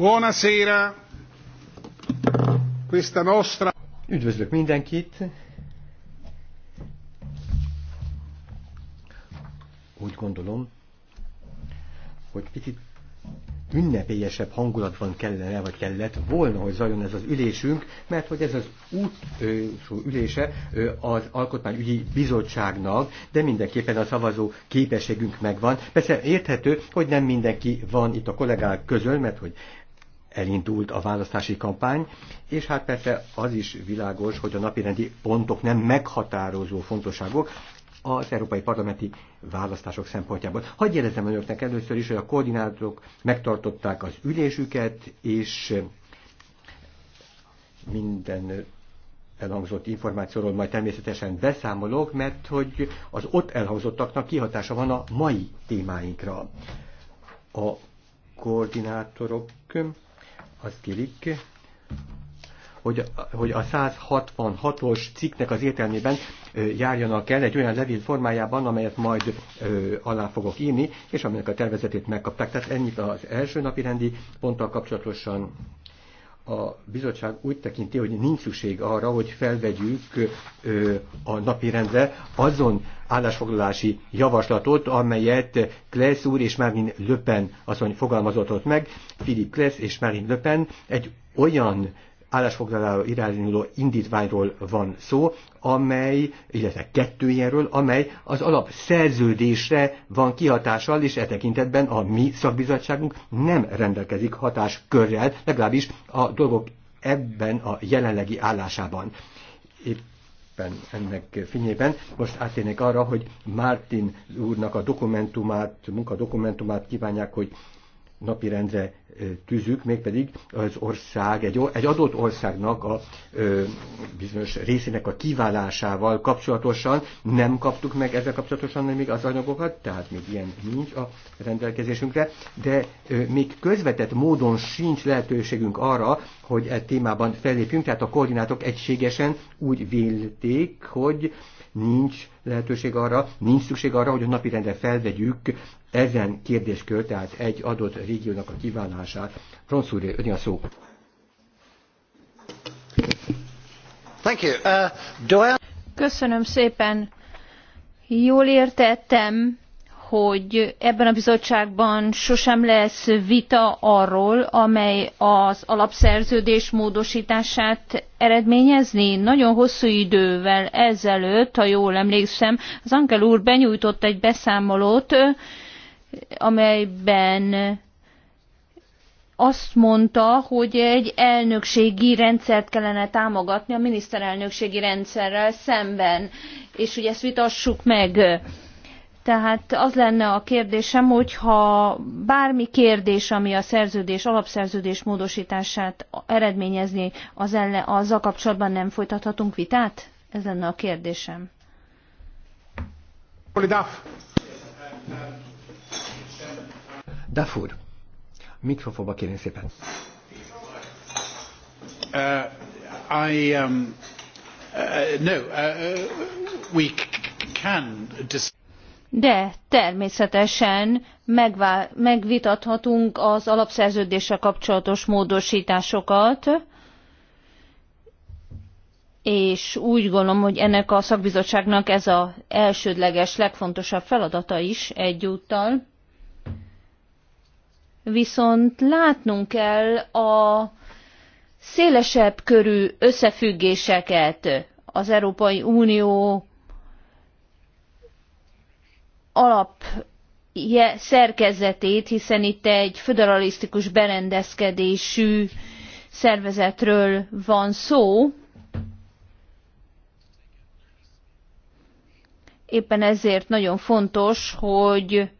Buonasera. Questa nostra... Üdvözlök mindenkit. Úgy gondolom, hogy picit ünnepélyesebb hangulatban kellene, vagy kellett volna, hogy zajon ez az ülésünk, mert hogy ez az út ö, ülése ö, az Alkotmányügyi Bizottságnak, de mindenképpen a szavazó képességünk megvan. Persze érthető, hogy nem mindenki van itt a kollégák közül, mert hogy elindult a választási kampány, és hát persze az is világos, hogy a napirendi pontok nem meghatározó fontosságok az európai parlamenti választások szempontjából. Hagyj jelezzem önöknek először is, hogy a koordinátorok megtartották az ülésüket, és minden elhangzott információról majd természetesen beszámolok, mert hogy az ott elhangzottaknak kihatása van a mai témáinkra. A koordinátorok azt kilik, hogy, hogy a 166-os cikknek az értelmében járjanak el egy olyan levél formájában, amelyet majd ö, alá fogok írni, és aminek a tervezetét megkapták. Tehát ennyit az első napi rendi ponttal kapcsolatosan a bizottság úgy tekinti, hogy nincs szükség arra, hogy felvegyük a napi rendre azon állásfoglalási javaslatot, amelyet Klesz úr és Márin Löpen azon fogalmazott meg, Philip Klesz és Márin Löpen egy olyan állásfoglalára irányuló indítványról van szó, amely, illetve kettő ilyenről, amely az alapszerződésre van kihatással, és e tekintetben a mi szakbizottságunk nem rendelkezik hatáskörrel, legalábbis a dolgok ebben a jelenlegi állásában. Éppen ennek fényében most áttérnék arra, hogy Martin úrnak a dokumentumát, munkadokumentumát kívánják, hogy napirendre tűzük, mégpedig az ország, egy, egy adott országnak a ö, bizonyos részének a kiválásával kapcsolatosan nem kaptuk meg ezzel kapcsolatosan még az anyagokat, tehát még ilyen nincs a rendelkezésünkre, de ö, még közvetett módon sincs lehetőségünk arra, hogy e témában fellépjünk, tehát a koordinátok egységesen úgy vélték, hogy nincs lehetőség arra, nincs szükség arra, hogy a rendre felvegyük ezen kérdéskör, tehát egy adott régiónak a kívánását. Franz úr, a szó. Thank you. Uh, do I... Köszönöm szépen. Jól értettem, hogy ebben a bizottságban sosem lesz vita arról, amely az alapszerződés módosítását eredményezni. Nagyon hosszú idővel ezelőtt, ha jól emlékszem, az Ankel úr benyújtott egy beszámolót, amelyben azt mondta, hogy egy elnökségi rendszert kellene támogatni a miniszterelnökségi rendszerrel szemben, és hogy ezt vitassuk meg. Tehát az lenne a kérdésem, hogyha bármi kérdés, ami a szerződés, alapszerződés módosítását eredményezni, az ellen, azzal kapcsolatban nem folytathatunk vitát? Ez lenne a kérdésem. Polidáv. Dafur, mikrofonba kérem szépen. Uh, I, um, uh, no, uh, uh we can de természetesen megvá- megvitathatunk az alapszerződéssel kapcsolatos módosításokat, és úgy gondolom, hogy ennek a szakbizottságnak ez az elsődleges, legfontosabb feladata is egyúttal viszont látnunk kell a szélesebb körű összefüggéseket az Európai Unió alap szerkezetét, hiszen itt egy föderalisztikus berendezkedésű szervezetről van szó. Éppen ezért nagyon fontos, hogy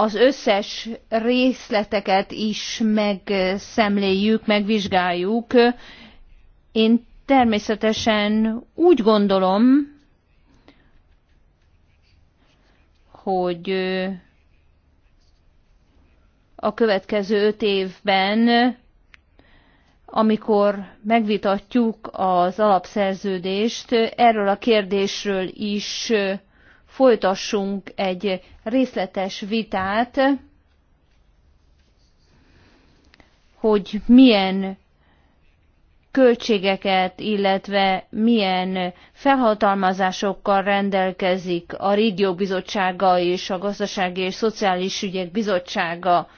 az összes részleteket is megszemléljük, megvizsgáljuk. Én természetesen úgy gondolom, hogy a következő öt évben, amikor megvitatjuk az alapszerződést, erről a kérdésről is folytassunk egy részletes vitát, hogy milyen költségeket, illetve milyen felhatalmazásokkal rendelkezik a régió bizottsága és a gazdasági és szociális ügyek bizottsága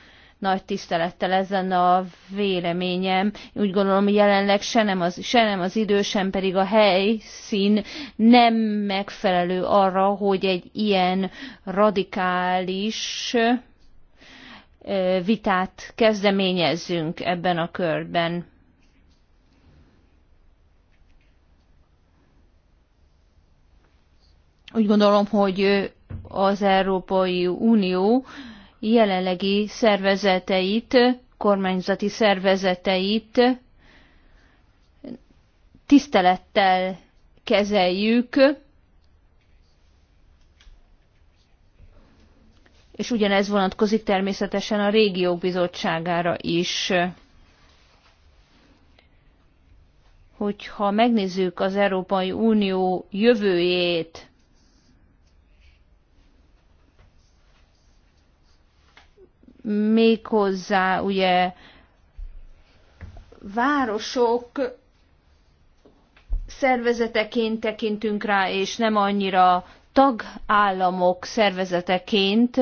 nagy tisztelettel ezen a véleményem. Úgy gondolom, hogy jelenleg se nem az, se nem az idő, sem pedig a helyszín nem megfelelő arra, hogy egy ilyen radikális vitát kezdeményezzünk ebben a körben. Úgy gondolom, hogy az Európai Unió jelenlegi szervezeteit, kormányzati szervezeteit tisztelettel kezeljük, és ugyanez vonatkozik természetesen a régiók bizottságára is. Hogyha megnézzük az Európai Unió jövőjét, méghozzá ugye városok szervezeteként tekintünk rá, és nem annyira tagállamok szervezeteként,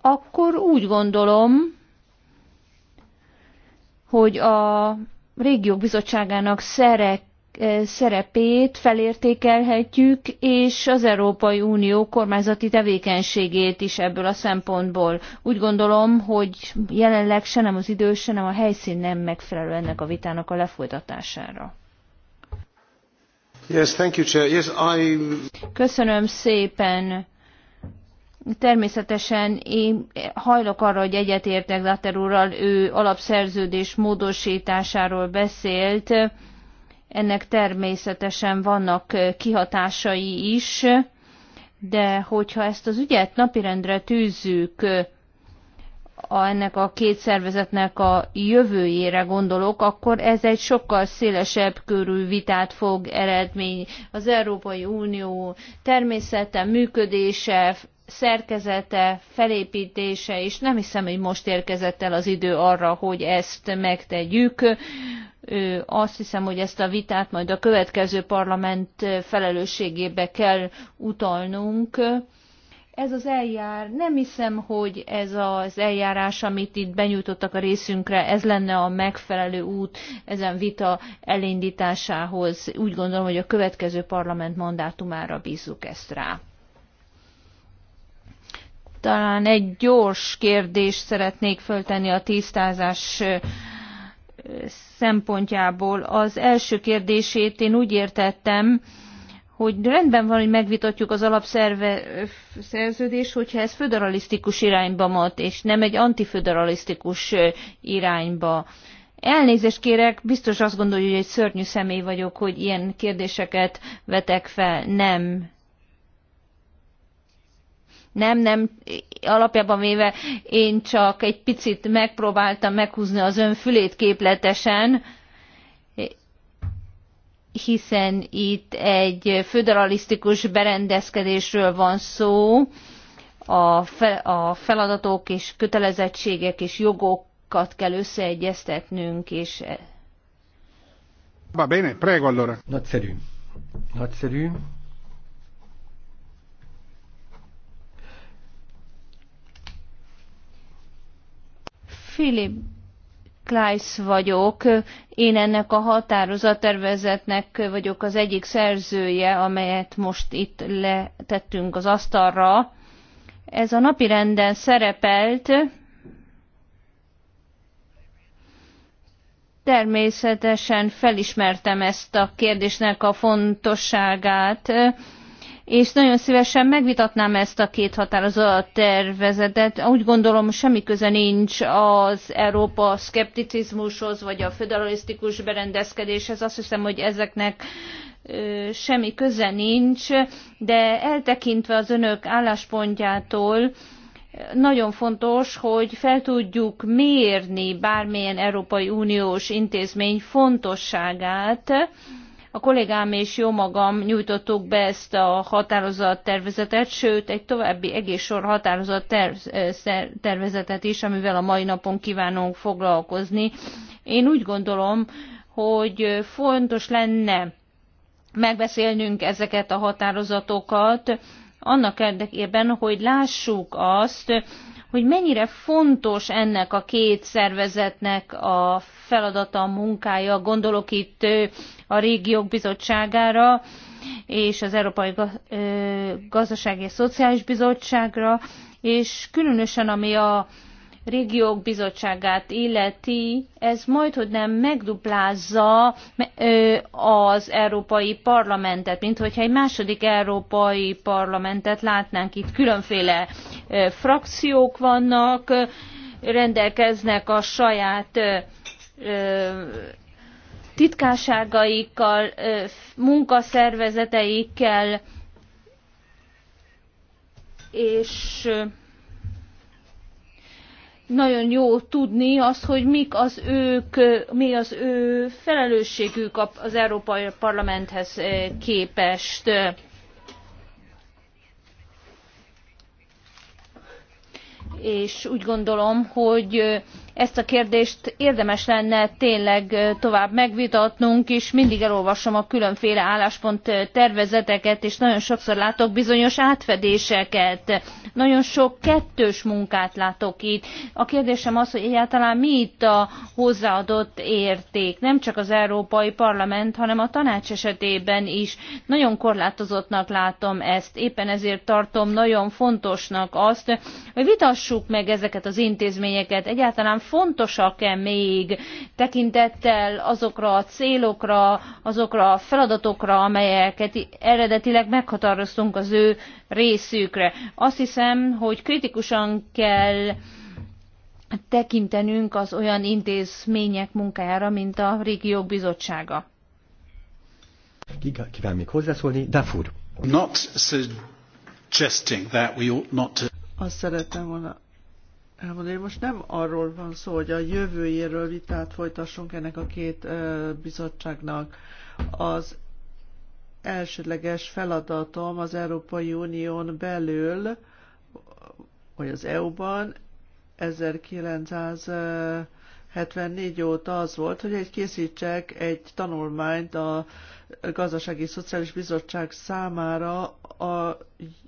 akkor úgy gondolom, hogy a régiók bizottságának szerek szerepét felértékelhetjük, és az Európai Unió kormányzati tevékenységét is ebből a szempontból. Úgy gondolom, hogy jelenleg se nem az idő, se nem a helyszín nem megfelelő ennek a vitának a lefolytatására. Yes, thank you, Chair. Yes, I... Köszönöm szépen. Természetesen én hajlok arra, hogy egyetértek Later úrral, ő alapszerződés módosításáról beszélt ennek természetesen vannak kihatásai is, de hogyha ezt az ügyet napirendre tűzzük, a, ennek a két szervezetnek a jövőjére gondolok, akkor ez egy sokkal szélesebb körű vitát fog eredmény. Az Európai Unió természete, működése, szerkezete, felépítése, és nem hiszem, hogy most érkezett el az idő arra, hogy ezt megtegyük. Azt hiszem, hogy ezt a vitát majd a következő parlament felelősségébe kell utalnunk. Ez az eljár, nem hiszem, hogy ez az eljárás, amit itt benyújtottak a részünkre, ez lenne a megfelelő út ezen vita elindításához. Úgy gondolom, hogy a következő parlament mandátumára bízzuk ezt rá. Talán egy gyors kérdést szeretnék föltenni a tisztázás szempontjából. Az első kérdését én úgy értettem, hogy rendben van, hogy megvitatjuk az alapszerződés, hogyha ez föderalisztikus irányba mat, és nem egy antiföderalisztikus irányba. Elnézést kérek, biztos azt gondolja, hogy egy szörnyű személy vagyok, hogy ilyen kérdéseket vetek fel. Nem, nem, nem, alapjában véve én csak egy picit megpróbáltam meghúzni az ön fülét képletesen, hiszen itt egy föderalisztikus berendezkedésről van szó, a, feladatok és kötelezettségek és jogokat kell összeegyeztetnünk, és... E- Va bene, prego allora. Nagyszerű. Nagyszerű. Philip Kleiss vagyok, én ennek a határozattervezetnek vagyok az egyik szerzője, amelyet most itt letettünk az asztalra. Ez a napi renden szerepelt, természetesen felismertem ezt a kérdésnek a fontosságát, és nagyon szívesen megvitatnám ezt a két határozat tervezetet. Úgy gondolom, semmi köze nincs az Európa szkepticizmushoz, vagy a föderalisztikus berendezkedéshez. Azt hiszem, hogy ezeknek semmi köze nincs, de eltekintve az önök álláspontjától, nagyon fontos, hogy fel tudjuk mérni bármilyen Európai Uniós intézmény fontosságát, a kollégám és jó magam nyújtottuk be ezt a határozattervezetet, sőt egy további egész sor határozattervezetet is, amivel a mai napon kívánunk foglalkozni. Én úgy gondolom, hogy fontos lenne megbeszélnünk ezeket a határozatokat, annak érdekében, hogy lássuk azt, hogy mennyire fontos ennek a két szervezetnek a feladata, a munkája, gondolok itt a régiók bizottságára, és az Európai Gazdasági és Szociális Bizottságra, és különösen ami a régiók bizottságát illeti, ez majd hogy nem megduplázza az Európai Parlamentet, mint hogyha egy második Európai Parlamentet látnánk. Itt különféle frakciók vannak, rendelkeznek a saját titkásságaikkal, munkaszervezeteikkel, és nagyon jó tudni az, hogy mik az ők, mi az ő felelősségük az Európai Parlamenthez képest. És úgy gondolom, hogy ezt a kérdést érdemes lenne tényleg tovább megvitatnunk, és mindig elolvasom a különféle álláspont tervezeteket, és nagyon sokszor látok bizonyos átfedéseket nagyon sok kettős munkát látok itt. A kérdésem az, hogy egyáltalán mi itt a hozzáadott érték, nem csak az Európai Parlament, hanem a tanács esetében is. Nagyon korlátozottnak látom ezt, éppen ezért tartom nagyon fontosnak azt, hogy vitassuk meg ezeket az intézményeket, egyáltalán fontosak-e még tekintettel azokra a célokra, azokra a feladatokra, amelyeket eredetileg meghatároztunk az ő részükre. Azt hiszem, hiszem, hogy kritikusan kell tekintenünk az olyan intézmények munkájára, mint a Régiók Bizottsága. Kíván még hozzászólni, Dafur. Not suggesting that we ought not to... Azt szerettem volna elmondani, most nem arról van szó, hogy a jövőjéről vitát folytassunk ennek a két bizottságnak. Az elsődleges feladatom az Európai Unión belül, vagy az EU-ban 1974 óta az volt, hogy egy készítsek egy tanulmányt a Gazdasági Szociális Bizottság számára a,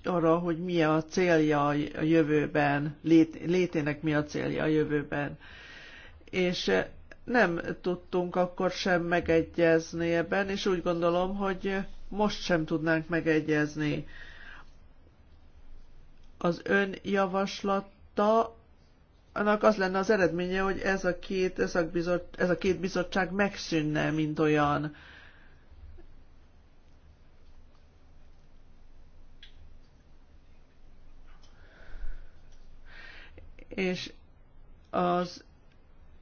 arra, hogy mi a célja a jövőben, lét, létének mi a célja a jövőben. És nem tudtunk akkor sem megegyezni ebben, és úgy gondolom, hogy most sem tudnánk megegyezni az ön javaslata annak az lenne az eredménye, hogy ez a két, ez a, bizot, ez a két bizottság megszűnne, mint olyan. És az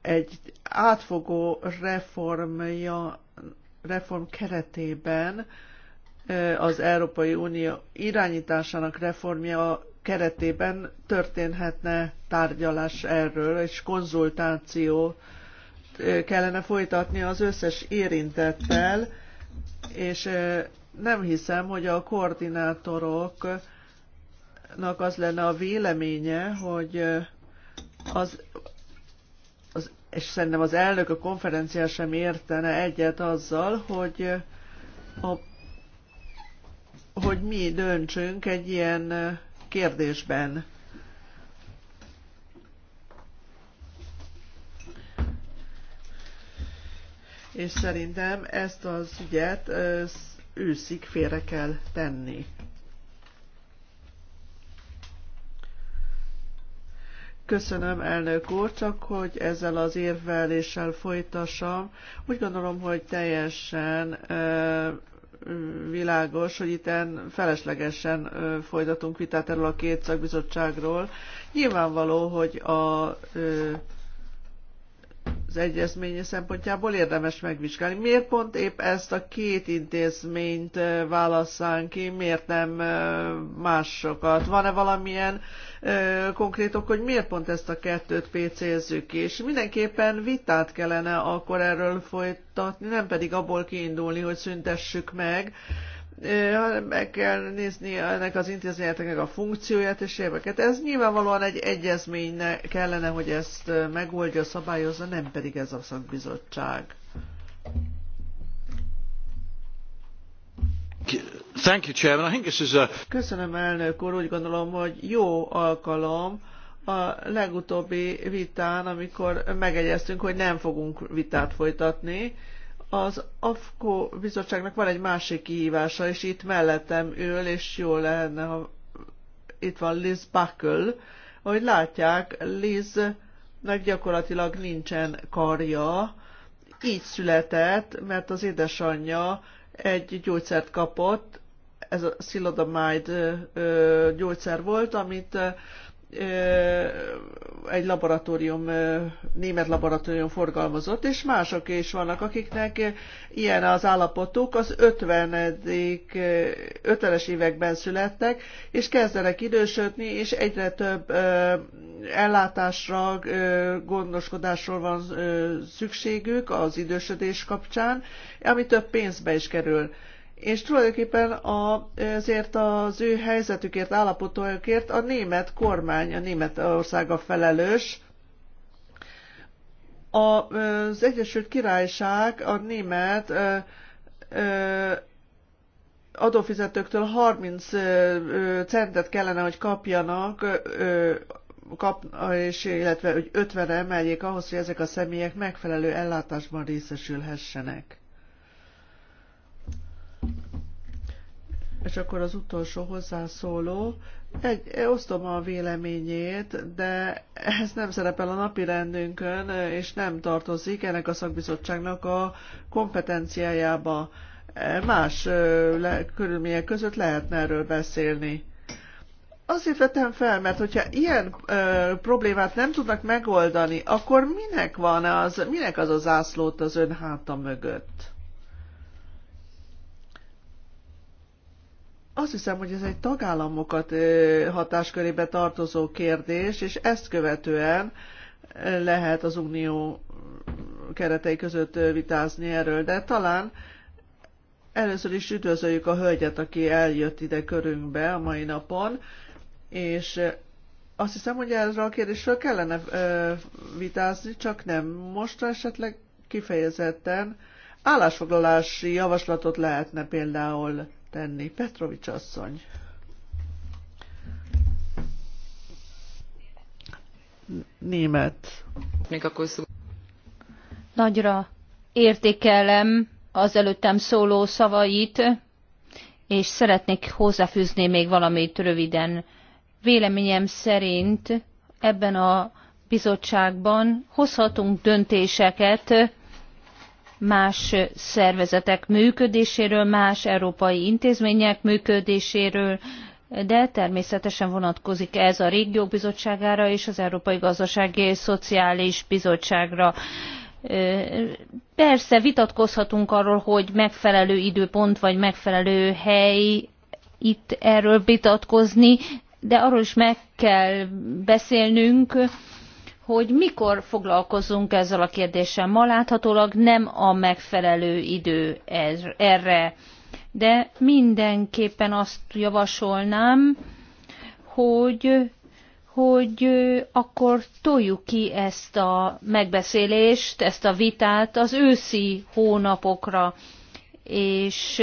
egy átfogó reformja, reform keretében az Európai Unió irányításának reformja keretében történhetne tárgyalás erről, és konzultáció kellene folytatni az összes érintettel, és nem hiszem, hogy a koordinátoroknak az lenne a véleménye, hogy az, az és szerintem az elnök a konferencián sem értene egyet azzal, hogy, a, hogy mi döntsünk egy ilyen kérdésben. És szerintem ezt az ügyet őszig félre kell tenni. Köszönöm, elnök úr, csak hogy ezzel az érveléssel folytassam. Úgy gondolom, hogy teljesen világos, hogy itt feleslegesen folytatunk vitát erről a két szakbizottságról. Nyilvánvaló, hogy a az egyezmény szempontjából érdemes megvizsgálni. Miért pont épp ezt a két intézményt válasszánk ki, miért nem másokat? Van-e valamilyen konkrét ok, hogy miért pont ezt a kettőt PC-zzük ki? És mindenképpen vitát kellene akkor erről folytatni, nem pedig abból kiindulni, hogy szüntessük meg, meg kell nézni ennek az intézményeknek a funkcióját és éveket. Ez nyilvánvalóan egy egyezmény kellene, hogy ezt megoldja, szabályozza, nem pedig ez a szakbizottság. Thank you, Chairman. I think this is a... Köszönöm, elnök úr. Úgy gondolom, hogy jó alkalom a legutóbbi vitán, amikor megegyeztünk, hogy nem fogunk vitát folytatni, az AFKO bizottságnak van egy másik kihívása, és itt mellettem ül, és jó lenne, ha itt van Liz Buckle, ahogy látják, Liznek gyakorlatilag nincsen karja, így született, mert az édesanyja egy gyógyszert kapott, ez a szilodamide gyógyszer volt, amit egy laboratórium, német laboratórium forgalmazott, és mások is vannak, akiknek ilyen az állapotuk, az 50 50-es években születtek, és kezdenek idősödni, és egyre több ellátásra, gondoskodásról van szükségük az idősödés kapcsán, ami több pénzbe is kerül és tulajdonképpen azért az ő helyzetükért, állapotokért a német kormány, a Németország a felelős. Az Egyesült Királyság a német adófizetőktől 30 centet kellene, hogy kapjanak, kap, és illetve hogy 50-re emeljék ahhoz, hogy ezek a személyek megfelelő ellátásban részesülhessenek. És akkor az utolsó hozzászóló, egy, osztom a véleményét, de ez nem szerepel a napi rendünkön, és nem tartozik ennek a szakbizottságnak a kompetenciájába. Más le, körülmények között lehetne erről beszélni. Azért vetem fel, mert hogyha ilyen ö, problémát nem tudnak megoldani, akkor minek van az, minek az a zászlót az ön háta mögött? Azt hiszem, hogy ez egy tagállamokat hatáskörébe tartozó kérdés, és ezt követően lehet az unió keretei között vitázni erről, de talán először is üdvözöljük a hölgyet, aki eljött ide körünkbe a mai napon, és azt hiszem, hogy erre a kérdésről kellene vitázni, csak nem most esetleg kifejezetten állásfoglalási javaslatot lehetne például tenni. Petrovics asszony. Német. Nagyra értékelem az előttem szóló szavait, és szeretnék hozzáfűzni még valamit röviden. Véleményem szerint ebben a bizottságban hozhatunk döntéseket, más szervezetek működéséről, más európai intézmények működéséről, de természetesen vonatkozik ez a régiók bizottságára és az Európai Gazdasági és Szociális Bizottságra. Persze vitatkozhatunk arról, hogy megfelelő időpont vagy megfelelő hely itt erről vitatkozni, de arról is meg kell beszélnünk, hogy mikor foglalkozunk ezzel a kérdéssel. Ma láthatólag nem a megfelelő idő ez, erre, de mindenképpen azt javasolnám, hogy hogy akkor toljuk ki ezt a megbeszélést, ezt a vitát az őszi hónapokra, és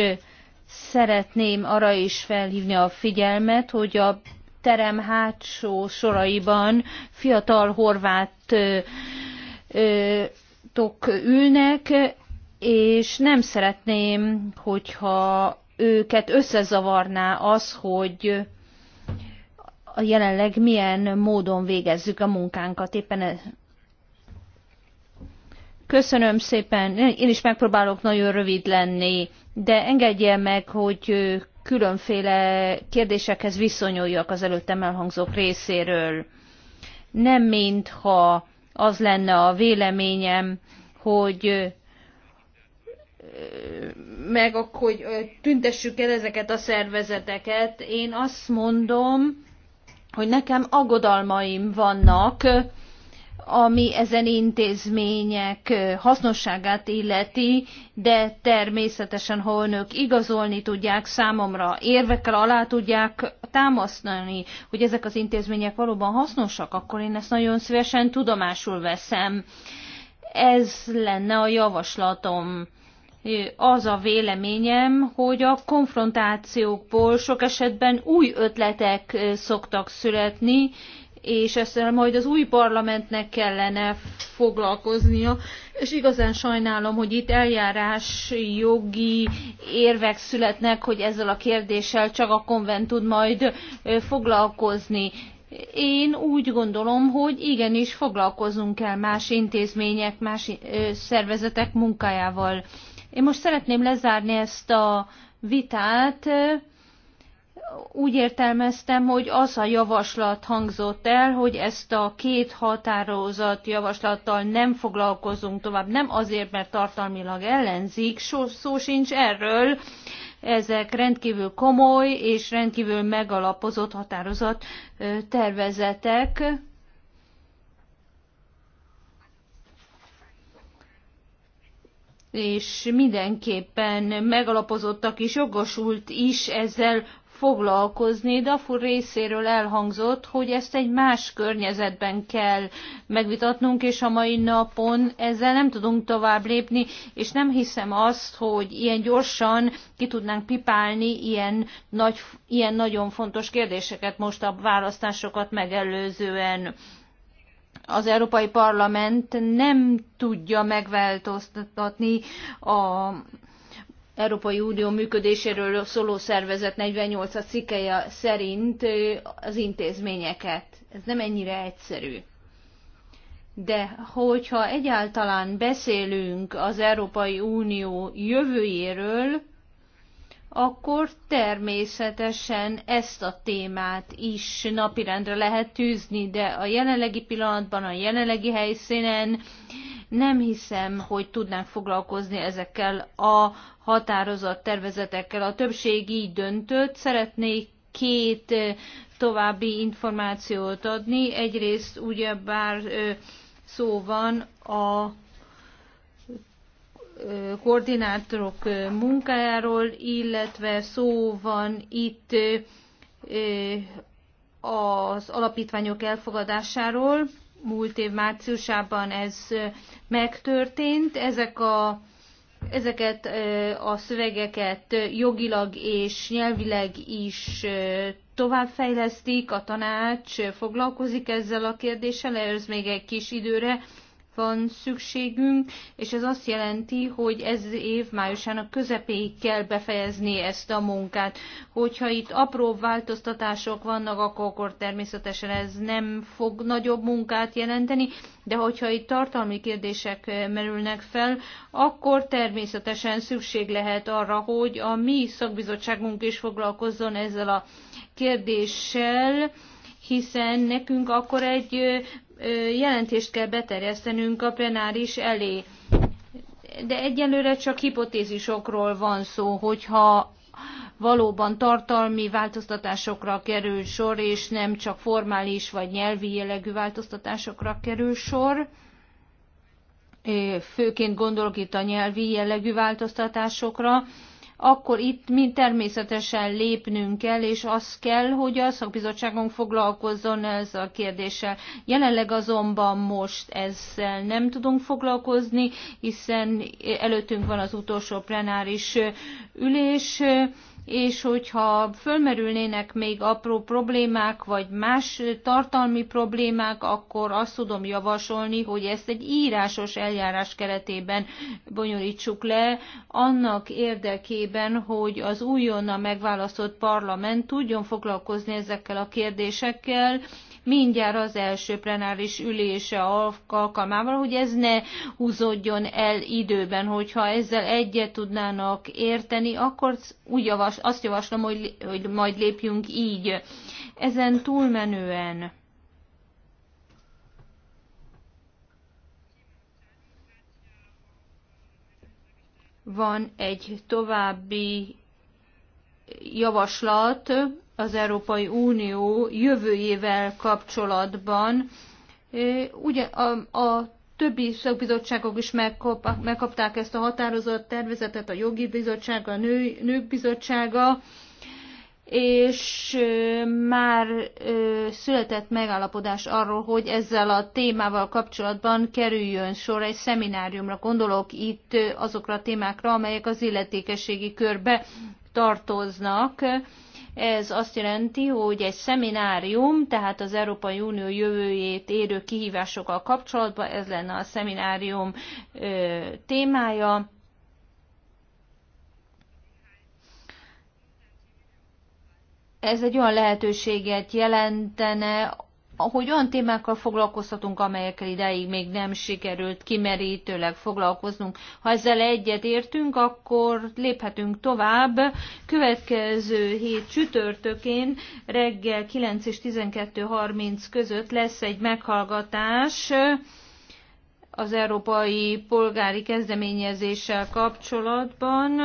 szeretném arra is felhívni a figyelmet, hogy a terem hátsó soraiban fiatal horvát tok ülnek, és nem szeretném, hogyha őket összezavarná az, hogy a jelenleg milyen módon végezzük a munkánkat. Éppen e- Köszönöm szépen, én is megpróbálok nagyon rövid lenni, de engedje meg, hogy különféle kérdésekhez viszonyuljak az előttem elhangzók részéről. Nem mintha az lenne a véleményem, hogy meg akkor tüntessük el ezeket a szervezeteket. Én azt mondom, hogy nekem aggodalmaim vannak, ami ezen intézmények hasznosságát illeti, de természetesen, ha önök igazolni tudják számomra, érvekkel alá tudják támasztani, hogy ezek az intézmények valóban hasznosak, akkor én ezt nagyon szívesen tudomásul veszem. Ez lenne a javaslatom az a véleményem, hogy a konfrontációkból sok esetben új ötletek szoktak születni, és ezzel majd az új parlamentnek kellene foglalkoznia, és igazán sajnálom, hogy itt eljárás jogi érvek születnek, hogy ezzel a kérdéssel csak a konvent tud majd foglalkozni. Én úgy gondolom, hogy igenis foglalkozunk kell más intézmények, más szervezetek munkájával. Én most szeretném lezárni ezt a vitát, úgy értelmeztem, hogy az a javaslat hangzott el, hogy ezt a két határozat javaslattal nem foglalkozunk tovább. Nem azért, mert tartalmilag ellenzik, szó, szó sincs erről. Ezek rendkívül komoly és rendkívül megalapozott határozat tervezetek. és mindenképpen megalapozottak és jogosult is ezzel foglalkozni. Dafur részéről elhangzott, hogy ezt egy más környezetben kell megvitatnunk, és a mai napon ezzel nem tudunk tovább lépni, és nem hiszem azt, hogy ilyen gyorsan ki tudnánk pipálni ilyen, nagy, ilyen nagyon fontos kérdéseket most a választásokat megelőzően az Európai Parlament nem tudja megváltoztatni a Európai Unió működéséről szóló szervezet 48 a cikkeje szerint az intézményeket. Ez nem ennyire egyszerű. De hogyha egyáltalán beszélünk az Európai Unió jövőjéről, akkor természetesen ezt a témát is napirendre lehet tűzni, de a jelenlegi pillanatban, a jelenlegi helyszínen nem hiszem, hogy tudnánk foglalkozni ezekkel a határozott tervezetekkel. A többség így döntött, szeretnék két további információt adni. Egyrészt ugyebár szó van a koordinátorok munkájáról, illetve szó van itt az alapítványok elfogadásáról. Múlt év márciusában ez megtörtént. Ezek a, ezeket a szövegeket jogilag és nyelvileg is továbbfejlesztik, a tanács foglalkozik ezzel a kérdéssel, ez még egy kis időre van szükségünk, és ez azt jelenti, hogy ez év májusának közepéig kell befejezni ezt a munkát. Hogyha itt apró változtatások vannak, akkor, akkor természetesen ez nem fog nagyobb munkát jelenteni, de hogyha itt tartalmi kérdések merülnek fel, akkor természetesen szükség lehet arra, hogy a mi szakbizottságunk is foglalkozzon ezzel a kérdéssel, hiszen nekünk akkor egy jelentést kell beterjesztenünk a plenáris elé. De egyelőre csak hipotézisokról van szó, hogyha valóban tartalmi változtatásokra kerül sor, és nem csak formális vagy nyelvi jellegű változtatásokra kerül sor. Főként gondolok itt a nyelvi jellegű változtatásokra akkor itt mind természetesen lépnünk kell, és az kell, hogy a szakbizottságunk foglalkozzon ez a kérdéssel. Jelenleg azonban most ezzel nem tudunk foglalkozni, hiszen előttünk van az utolsó plenáris ülés, és hogyha fölmerülnének még apró problémák, vagy más tartalmi problémák, akkor azt tudom javasolni, hogy ezt egy írásos eljárás keretében bonyolítsuk le, annak érdekében, hogy az újonnan megválasztott parlament tudjon foglalkozni ezekkel a kérdésekkel, mindjárt az első plenáris ülése alkalmával, hogy ez ne húzódjon el időben, hogyha ezzel egyet tudnának érteni, akkor úgy javas, azt javaslom, hogy, hogy majd lépjünk így. Ezen túlmenően van egy további javaslat az Európai Unió jövőjével kapcsolatban. Ugye a, a többi szakbizottságok is megkap, megkapták ezt a határozott tervezetet, a jogi bizottság, a nő, nők bizottsága, és már született megállapodás arról, hogy ezzel a témával kapcsolatban kerüljön sor egy szemináriumra. Gondolok itt azokra a témákra, amelyek az illetékességi körbe tartoznak ez azt jelenti, hogy egy szeminárium, tehát az Európai Unió jövőjét érő kihívásokkal kapcsolatban, ez lenne a szeminárium témája. Ez egy olyan lehetőséget jelentene, hogy olyan témákkal foglalkozhatunk, amelyekkel ideig még nem sikerült kimerítőleg foglalkoznunk. Ha ezzel egyet értünk, akkor léphetünk tovább. Következő hét csütörtökén reggel 9 és 12.30 között lesz egy meghallgatás az európai polgári kezdeményezéssel kapcsolatban.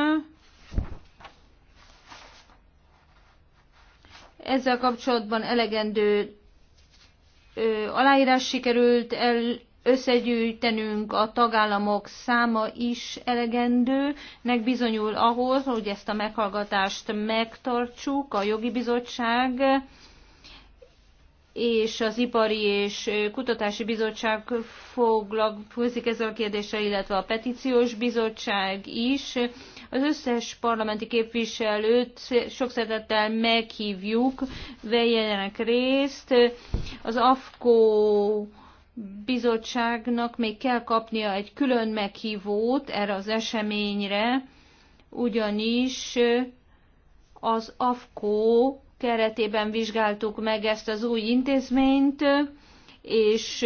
ezzel kapcsolatban elegendő aláírás sikerült el összegyűjtenünk, a tagállamok száma is elegendőnek bizonyul ahhoz, hogy ezt a meghallgatást megtartsuk, a jogi bizottság és az Ipari és Kutatási Bizottság foglalkozik ezzel a kérdéssel, illetve a Petíciós Bizottság is az összes parlamenti képviselőt sok szeretettel meghívjuk, vegyenek részt. Az AFKO bizottságnak még kell kapnia egy külön meghívót erre az eseményre, ugyanis az AFKO keretében vizsgáltuk meg ezt az új intézményt, és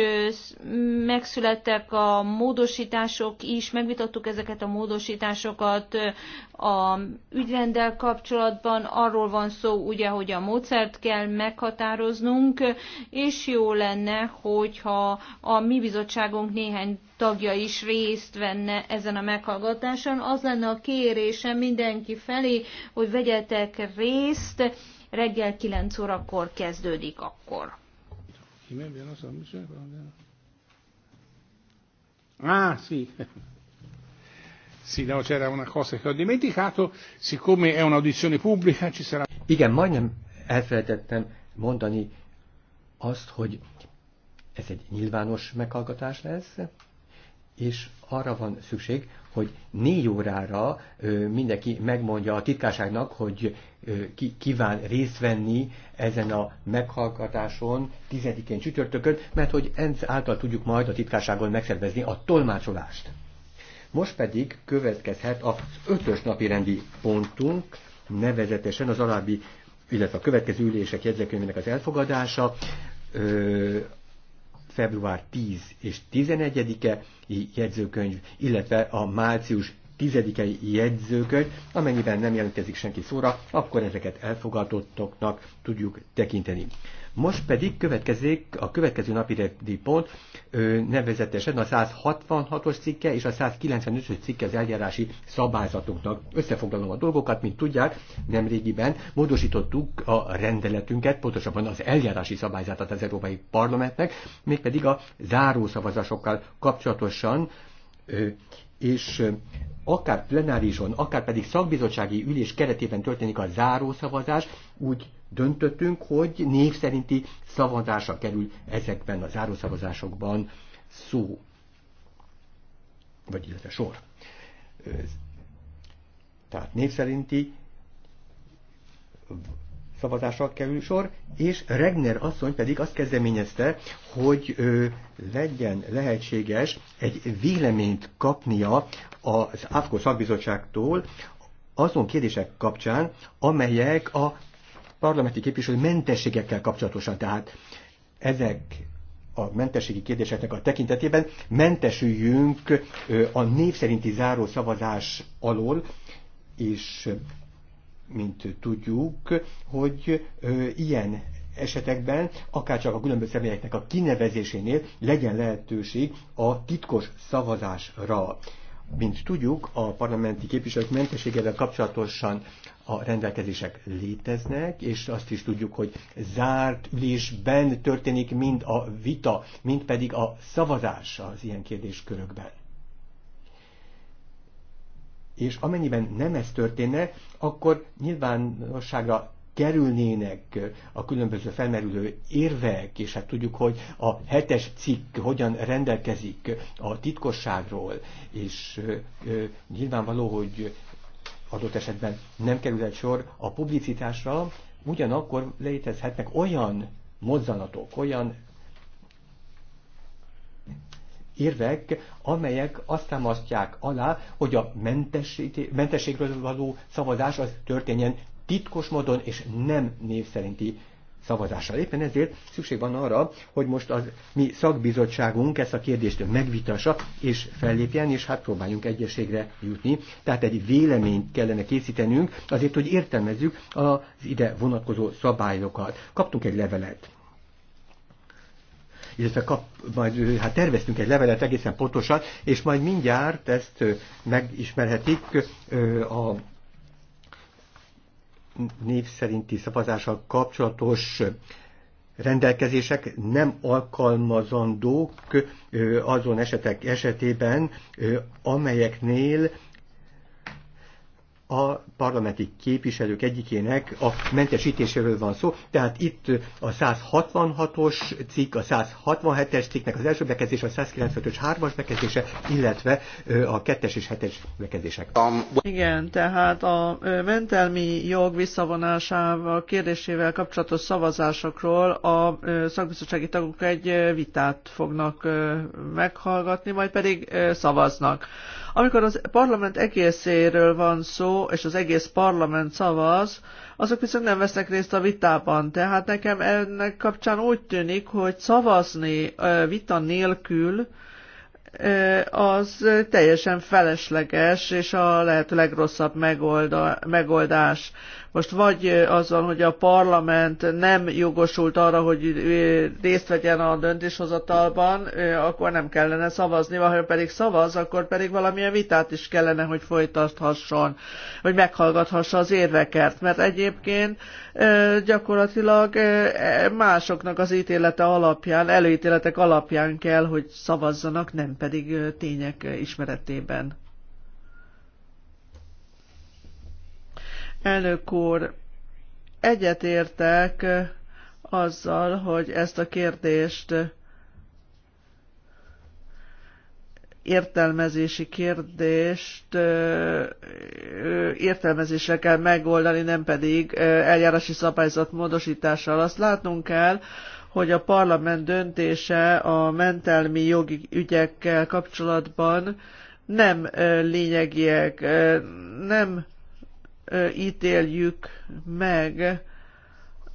megszülettek a módosítások is, megvitattuk ezeket a módosításokat a ügyrendel kapcsolatban. Arról van szó ugye, hogy a módszert kell meghatároznunk, és jó lenne, hogyha a mi bizottságunk néhány tagja is részt venne ezen a meghallgatáson. Az lenne a kérésem mindenki felé, hogy vegyetek részt, reggel 9 órakor kezdődik akkor. Kime viene sanmışa? Ah, sì. Sì, no, c'era una cosa che ho dimenticato, siccome è un'audizione pubblica ci sarà... Igen, majdnem elfelejtettem mondani azt, hogy ez egy nyilvános meghallgatás lesz, és arra van szükség, hogy négy órára mindenki megmondja a titkárságnak, hogy ki kíván részt venni ezen a meghallgatáson tizedikén csütörtökön, mert hogy ez által tudjuk majd a titkárságon megszervezni a tolmácsolást. Most pedig következhet az ötös napi rendi pontunk, nevezetesen az alábbi, illetve a következő ülések jegyzőkönyvének az elfogadása, február 10 és 11-e jegyzőkönyv, illetve a március tizedikei jegyzőkönyv, amennyiben nem jelentkezik senki szóra, akkor ezeket elfogadottoknak tudjuk tekinteni. Most pedig következik a következő napi pont, nevezetesen a 166-os cikke és a 195-ös cikke az eljárási szabályzatunknak. Összefoglalom a dolgokat, mint tudják, nemrégiben módosítottuk a rendeletünket, pontosabban az eljárási szabályzatot az Európai Parlamentnek, mégpedig a zárószavazásokkal kapcsolatosan és akár plenárison, akár pedig szakbizottsági ülés keretében történik a zárószavazás, úgy döntöttünk, hogy név szerinti szavazásra kerül ezekben a zárószavazásokban szó, vagy illetve sor. Tehát név szerinti szavazásra kerül sor, és Regner asszony pedig azt kezdeményezte, hogy ö, legyen lehetséges egy véleményt kapnia az AFKO szakbizottságtól azon kérdések kapcsán, amelyek a parlamenti képviselő mentességekkel kapcsolatosan. Tehát ezek a mentességi kérdéseknek a tekintetében mentesüljünk a név szerinti záró szavazás alól, és mint tudjuk, hogy ilyen esetekben, akárcsak a különböző személyeknek a kinevezésénél legyen lehetőség a titkos szavazásra. Mint tudjuk, a parlamenti képviselők mentességével kapcsolatosan a rendelkezések léteznek, és azt is tudjuk, hogy zárt ülésben történik mind a vita, mind pedig a szavazás az ilyen kérdéskörökben és amennyiben nem ez történne, akkor nyilvánosságra kerülnének a különböző felmerülő érvek, és hát tudjuk, hogy a hetes cikk hogyan rendelkezik a titkosságról, és nyilvánvaló, hogy adott esetben nem kerülhet sor a publicitásra, ugyanakkor létezhetnek olyan mozzanatok, olyan érvek, amelyek azt támasztják alá, hogy a mentességről való szavazás az történjen titkos módon és nem név szerinti szavazással. Éppen ezért szükség van arra, hogy most az mi szakbizottságunk ezt a kérdést megvitassa és fellépjen, és hát próbáljunk egyességre jutni. Tehát egy véleményt kellene készítenünk azért, hogy értelmezzük az ide vonatkozó szabályokat. Kaptunk egy levelet illetve kap, majd hát terveztünk egy levelet egészen pontosan, és majd mindjárt ezt megismerhetik a név szerinti szavazással kapcsolatos rendelkezések nem alkalmazandók azon esetek esetében, amelyeknél a parlamenti képviselők egyikének a mentesítéséről van szó, tehát itt a 166-os cikk, a 167-es cikknek az első bekezdése, a 195-ös hármas bekezdése, illetve a 2-es és 7-es bekezdések. Igen, tehát a mentelmi jog visszavonásával kérdésével kapcsolatos szavazásokról a szakbizottsági tagok egy vitát fognak meghallgatni, majd pedig szavaznak. Amikor az parlament egészéről van szó, és az egész parlament szavaz, azok viszont nem vesznek részt a vitában. Tehát nekem ennek kapcsán úgy tűnik, hogy szavazni vita nélkül, az teljesen felesleges és a lehető legrosszabb megoldás. Most vagy azzal, hogy a parlament nem jogosult arra, hogy részt vegyen a döntéshozatalban, akkor nem kellene szavazni, ha pedig szavaz, akkor pedig valamilyen vitát is kellene, hogy folytathasson, hogy meghallgathassa az érveket, mert egyébként gyakorlatilag másoknak az ítélete alapján, előítéletek alapján kell, hogy szavazzanak, nem pedig tények ismeretében. Elnök úr, egyetértek eh, azzal, hogy ezt a kérdést eh, értelmezési kérdést eh, értelmezésre kell megoldani, nem pedig eljárási szabályzat módosítással. Azt látnunk kell, hogy a parlament döntése a mentelmi jogi ügyekkel kapcsolatban nem lényegiek, nem ítéljük meg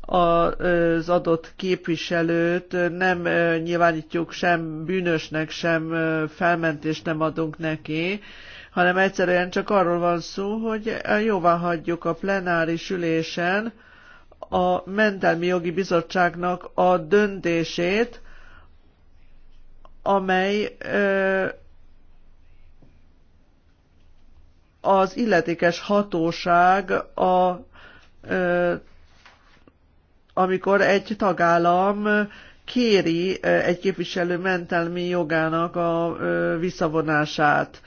az adott képviselőt, nem nyilvánítjuk sem bűnösnek, sem felmentést nem adunk neki, hanem egyszerűen csak arról van szó, hogy jóvá hagyjuk a plenáris ülésen a Mentelmi Jogi Bizottságnak a döntését, amely az illetékes hatóság a amikor egy tagállam kéri egy képviselő mentelmi jogának a visszavonását.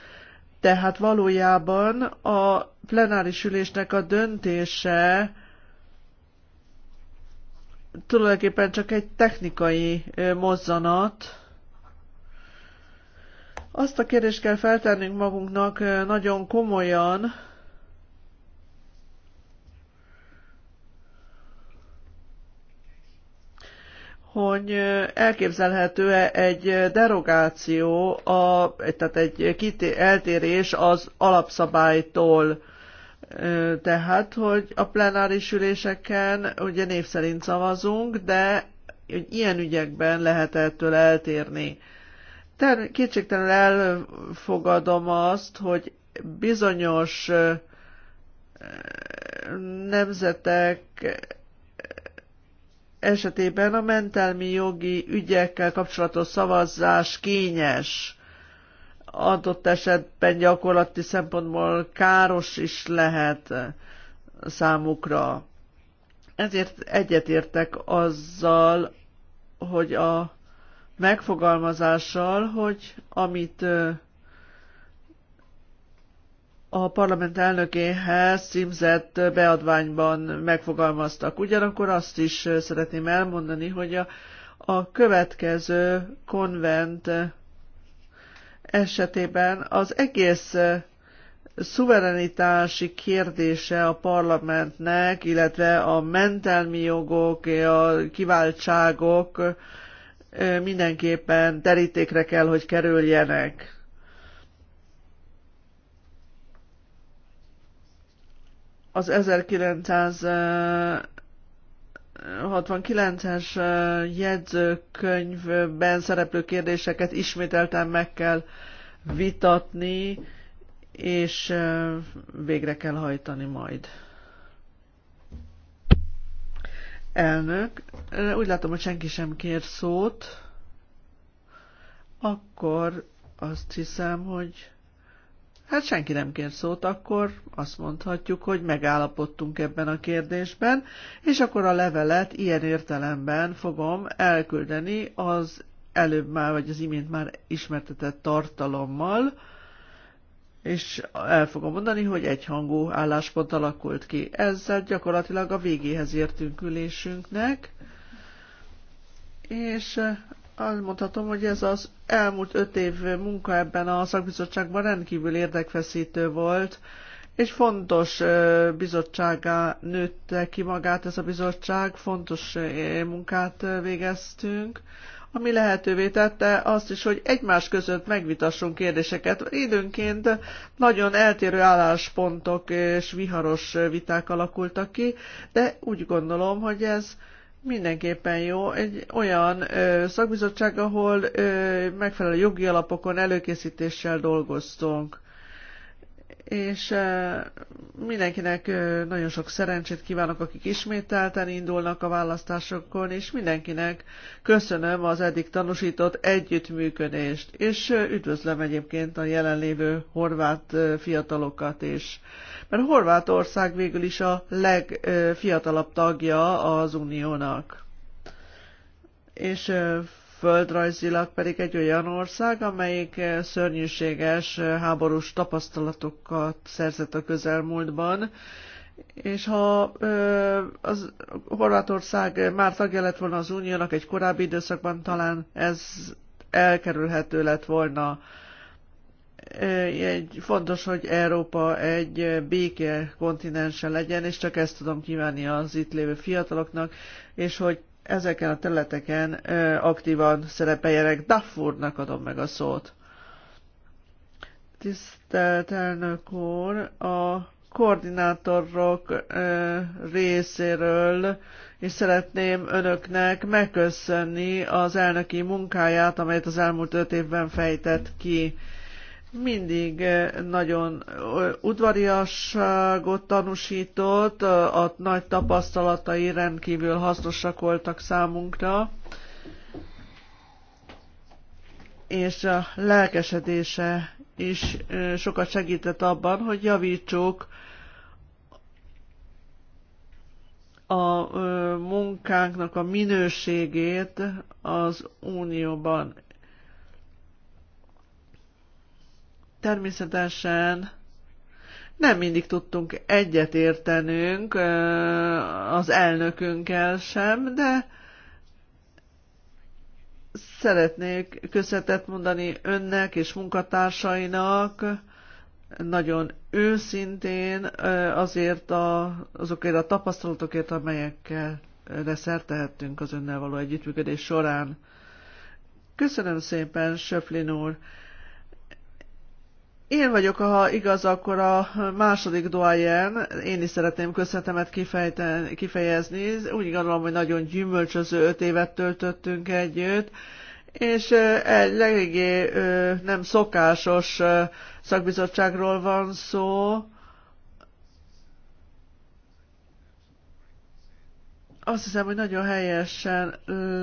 Tehát valójában a plenáris ülésnek a döntése tulajdonképpen csak egy technikai mozzanat, azt a kérdést kell feltennünk magunknak nagyon komolyan, hogy elképzelhető-e egy derogáció, a, tehát egy eltérés az alapszabálytól. Tehát, hogy a plenáris üléseken ugye név szerint szavazunk, de ilyen ügyekben lehet ettől eltérni ter- kétségtelenül elfogadom azt, hogy bizonyos nemzetek esetében a mentelmi jogi ügyekkel kapcsolatos szavazás kényes, adott esetben gyakorlati szempontból káros is lehet számukra. Ezért egyetértek azzal, hogy a megfogalmazással, hogy amit a parlament elnökéhez címzett beadványban megfogalmaztak. Ugyanakkor azt is szeretném elmondani, hogy a, a következő konvent esetében az egész szuverenitási kérdése a parlamentnek, illetve a mentelmi jogok, a kiváltságok, mindenképpen terítékre kell, hogy kerüljenek. Az 1969-es jegyzőkönyvben szereplő kérdéseket ismételten meg kell vitatni, és végre kell hajtani majd. Elnök, úgy látom, hogy senki sem kér szót. Akkor azt hiszem, hogy hát senki nem kér szót, akkor azt mondhatjuk, hogy megállapodtunk ebben a kérdésben, és akkor a levelet ilyen értelemben fogom elküldeni az előbb már, vagy az imént már ismertetett tartalommal, és el fogom mondani, hogy egyhangú álláspont alakult ki. Ezzel gyakorlatilag a végéhez értünk ülésünknek, és eh, azt mondhatom, hogy ez az elmúlt öt év munka ebben a szakbizottságban rendkívül érdekfeszítő volt, és fontos eh, bizottságá nőtte ki magát ez a bizottság, fontos eh, munkát végeztünk, ami lehetővé tette azt is, hogy egymás között megvitassunk kérdéseket. Időnként nagyon eltérő álláspontok és viharos viták alakultak ki, de úgy gondolom, hogy ez Mindenképpen jó. Egy olyan ö, szakbizottság, ahol ö, megfelelő jogi alapokon előkészítéssel dolgoztunk és mindenkinek nagyon sok szerencsét kívánok, akik ismételten indulnak a választásokon, és mindenkinek köszönöm az eddig tanúsított együttműködést, és üdvözlöm egyébként a jelenlévő horvát fiatalokat is. Mert Horvátország végül is a legfiatalabb tagja az uniónak. És földrajzilag pedig egy olyan ország, amelyik eh, szörnyűséges eh, háborús tapasztalatokat szerzett a közelmúltban, és ha ö, eh, az Horvátország már tagja lett volna az uniónak egy korábbi időszakban, talán ez elkerülhető lett volna. Egy, fontos, hogy Európa egy béke kontinense legyen, és csak ezt tudom kívánni az itt lévő fiataloknak, és hogy ezeken a területeken aktívan szerepeljenek. Daffurnak adom meg a szót. Tisztelt elnök úr, a koordinátorok részéről, és szeretném önöknek megköszönni az elnöki munkáját, amelyet az elmúlt öt évben fejtett ki mindig eh, nagyon eh, udvariasságot tanúsított, eh, a nagy tapasztalatai rendkívül hasznosak voltak számunkra, és a lelkesedése is sokat segített abban, hogy javítsuk a munkánknak a minőségét az Unióban. Természetesen nem mindig tudtunk egyet értenünk az elnökünkkel sem, de szeretnék köszönetet mondani önnek és munkatársainak, nagyon őszintén azért a, azokért a tapasztalatokért, amelyekkel szert az önnel való együttműködés során. Köszönöm szépen, Söflin úr! Én vagyok, ha igaz, akkor a második doajen. Én is szeretném köszönetemet kifejezni. Úgy gondolom, hogy nagyon gyümölcsöző öt évet töltöttünk együtt, és egy eléggé nem szokásos szakbizottságról van szó, azt hiszem, hogy nagyon helyesen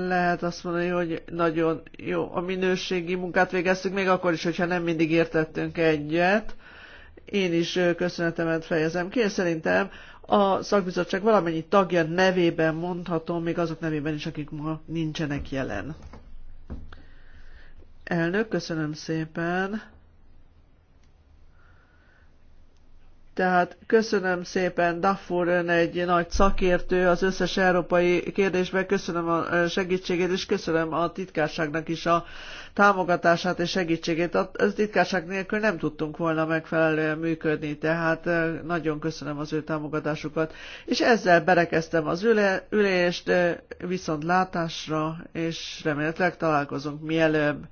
lehet azt mondani, hogy nagyon jó a minőségi munkát végeztük, még akkor is, hogyha nem mindig értettünk egyet. Én is köszönetemet fejezem ki, szerintem a szakbizottság valamennyi tagja nevében mondhatom, még azok nevében is, akik ma nincsenek jelen. Elnök, köszönöm szépen. Tehát köszönöm szépen, Daffur ön egy nagy szakértő az összes európai kérdésben, köszönöm a segítségét, és köszönöm a titkárságnak is a támogatását és segítségét. A titkárság nélkül nem tudtunk volna megfelelően működni, tehát nagyon köszönöm az ő támogatásukat. És ezzel berekeztem az ülést, viszont látásra, és remélhetőleg találkozunk mielőbb.